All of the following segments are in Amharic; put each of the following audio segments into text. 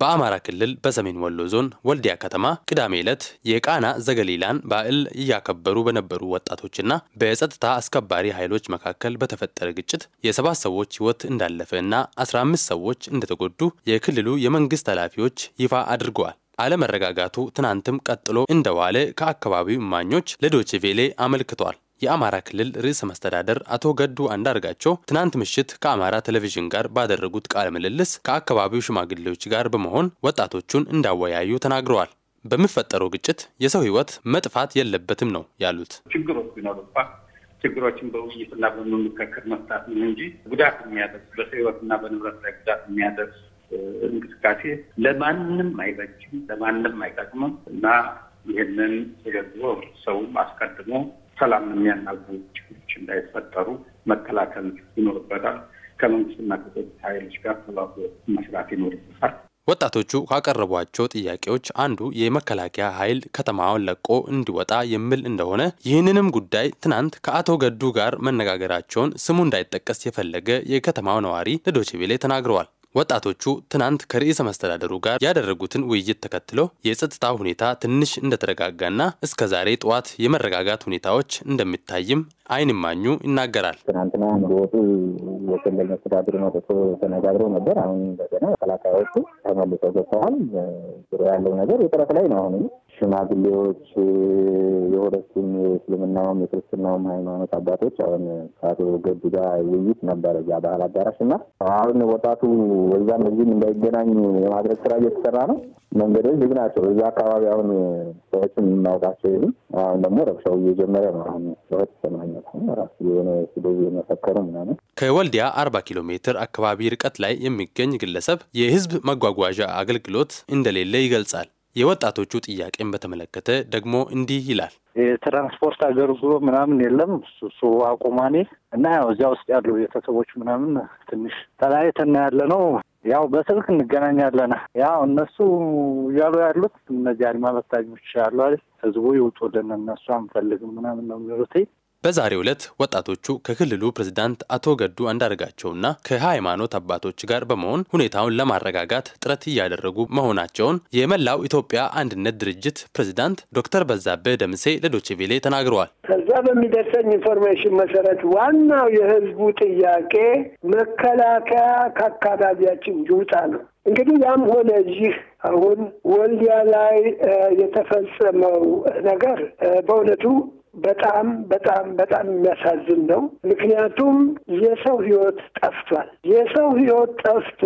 በአማራ ክልል በሰሜን ወሎ ዞን ወልዲያ ከተማ ቅዳሜ ዕለት የቃና ዘገሊላን በዓል እያከበሩ በነበሩ ወጣቶችና በጸጥታ አስከባሪ ኃይሎች መካከል በተፈጠረ ግጭት የሰባት ሰዎች ሕይወት እንዳለፈ እና 15 ሰዎች እንደተጎዱ የክልሉ የመንግስት ኃላፊዎች ይፋ አድርገዋል። አለመረጋጋቱ ትናንትም ቀጥሎ እንደዋለ ከአካባቢው እማኞች ለዶችቬሌ አመልክቷል። የአማራ ክልል ርዕሰ መስተዳደር አቶ ገዱ አንዳርጋቸው ትናንት ምሽት ከአማራ ቴሌቪዥን ጋር ባደረጉት ቃለ ምልልስ ከአካባቢው ሽማግሌዎች ጋር በመሆን ወጣቶቹን እንዳወያዩ ተናግረዋል። በሚፈጠረው ግጭት የሰው ሕይወት መጥፋት የለበትም ነው ያሉት። ችግሮች ቢኖሩባ ችግሮችን በውይይትና በመመካከር መፍታት ነው እንጂ ጉዳት የሚያደርስ በሰው ሕይወትና በንብረት ላይ ጉዳት የሚያደርስ እንቅስቃሴ ለማንም አይበጅም፣ ለማንም አይጠቅምም እና ይህንን ተገንዝቦ ሰውም አስቀድሞ ሰላም የሚያናጉ ችግሮች እንዳይፈጠሩ መከላከል ይኖርበታል። ከመንግስትና ከጸጥታ ኃይሎች ጋር ተባብሮ መስራት ይኖርበታል። ወጣቶቹ ካቀረቧቸው ጥያቄዎች አንዱ የመከላከያ ኃይል ከተማውን ለቆ እንዲወጣ የሚል እንደሆነ ይህንንም ጉዳይ ትናንት ከአቶ ገዱ ጋር መነጋገራቸውን ስሙ እንዳይጠቀስ የፈለገ የከተማው ነዋሪ ለዶችቤሌ ተናግረዋል። ወጣቶቹ ትናንት ከርዕሰ መስተዳደሩ ጋር ያደረጉትን ውይይት ተከትሎ የጸጥታ ሁኔታ ትንሽ እንደተረጋጋና እስከ ዛሬ ጠዋት የመረጋጋት ሁኔታዎች እንደሚታይም አይን ማኙ ይናገራል። ትናንትና እንዲወጡ የክልል መስተዳድሩ መጥቶ ተነጋግሮ ነበር። አሁን እንደገና መከላከያዎቹ ተመልሰው ገብተዋል። ያለው ነገር ውጥረት ላይ ነው አሁን ሽማግሌዎች፣ የሁለቱም የእስልምናውም የክርስትናውም ሃይማኖት አባቶች አሁን ከአቶ ገዱ ጋር ውይይት ነበረ እዛ ባህል አዳራሽ እና አሁን ወጣቱ እዛም እዚህም እንዳይገናኝ የማድረግ ስራ እየተሰራ ነው። መንገዶች ዝግ ናቸው። እዛ አካባቢ አሁን ሰዎች የምናውቃቸው የሉም። አሁን ደግሞ ረብሻው እየጀመረ ነው። አሁን ሰዎች ይሰማኛል ራሱ የሆነ ስደዚ የመሰከሩ ምናምን ከወልዲያ አርባ ኪሎ ሜትር አካባቢ ርቀት ላይ የሚገኝ ግለሰብ የህዝብ መጓጓዣ አገልግሎት እንደሌለ ይገልጻል። የወጣቶቹ ጥያቄን በተመለከተ ደግሞ እንዲህ ይላል። የትራንስፖርት አገልግሎ ምናምን የለም እሱ አቁማኔ እና ያው እዚያ ውስጥ ያሉ ቤተሰቦች ምናምን ትንሽ ተለያይተን ያለ ነው። ያው በስልክ እንገናኛለን። ያው እነሱ እያሉ ያሉት እነዚህ አድማ በታኞች ያሉ ህዝቡ ይውጡልን፣ እነሱ አንፈልግም ምናምን ነው የሚሉት በዛሬው ዕለት ወጣቶቹ ከክልሉ ፕሬዝዳንት አቶ ገዱ አንዳርጋቸውና ከሃይማኖት አባቶች ጋር በመሆን ሁኔታውን ለማረጋጋት ጥረት እያደረጉ መሆናቸውን የመላው ኢትዮጵያ አንድነት ድርጅት ፕሬዝዳንት ዶክተር በዛብህ ደምሴ ለዶችቬሌ ተናግረዋል። ከዛ በሚደርሰኝ ኢንፎርሜሽን መሰረት ዋናው የህዝቡ ጥያቄ መከላከያ ከአካባቢያችን ይውጣ ነው። እንግዲህ ያም ሆነ ይህ አሁን ወልዲያ ላይ የተፈጸመው ነገር በእውነቱ በጣም በጣም በጣም የሚያሳዝን ነው። ምክንያቱም የሰው ህይወት ጠፍቷል። የሰው ህይወት ጠፍቶ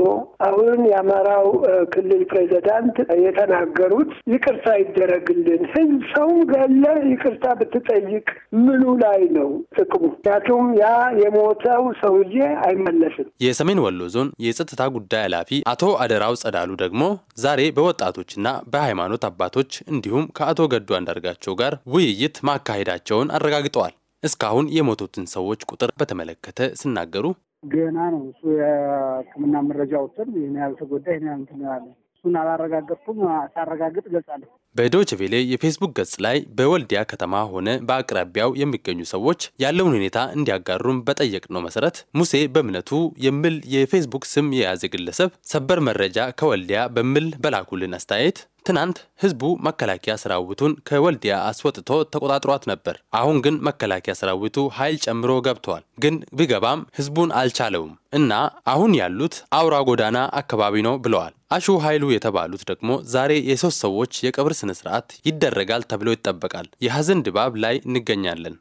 አሁን የአማራው ክልል ፕሬዚዳንት የተናገሩት ይቅርታ ይደረግልን፣ ህዝብ ሰውን ገለ ይቅርታ ብትጠይቅ ምኑ ላይ ነው ጥቅሙ? ምክንያቱም ያ የሞተው ሰውዬ አይመለስም። የሰሜን ወሎ ዞን የጸጥታ ጉዳይ ኃላፊ አቶ አደራው ጸዳሉ ደግሞ ዛሬ በወጣቶችና በሃይማኖት አባቶች እንዲሁም ከአቶ ገዱ አንዳርጋቸው ጋር ውይይት ማካሄዳል መሄዳቸውን አረጋግጠዋል። እስካሁን የሞቱትን ሰዎች ቁጥር በተመለከተ ሲናገሩ ገና ነው እሱ የሕክምና መረጃ ወጥተን ይህን ያህል ተጎዳ ይህን ያህል እንትን ያለ እሱን አላረጋገጥኩም። ሳረጋግጥ እገልጻለሁ። በዶች ቬሌ የፌስቡክ ገጽ ላይ በወልዲያ ከተማ ሆነ በአቅራቢያው የሚገኙ ሰዎች ያለውን ሁኔታ እንዲያጋሩም በጠየቅነው መሰረት ሙሴ በእምነቱ የሚል የፌስቡክ ስም የያዘ ግለሰብ ሰበር መረጃ ከወልዲያ በሚል በላኩልን አስተያየት ትናንት ህዝቡ መከላከያ ሰራዊቱን ከወልዲያ አስወጥቶ ተቆጣጥሯት ነበር። አሁን ግን መከላከያ ሰራዊቱ ኃይል ጨምሮ ገብተዋል። ግን ቢገባም ህዝቡን አልቻለውም እና አሁን ያሉት አውራ ጎዳና አካባቢ ነው ብለዋል። አሹ ኃይሉ የተባሉት ደግሞ ዛሬ የሶስት ሰዎች የቀብር ስነ ስርዓት ይደረጋል ተብሎ ይጠበቃል። የሀዘን ድባብ ላይ እንገኛለን።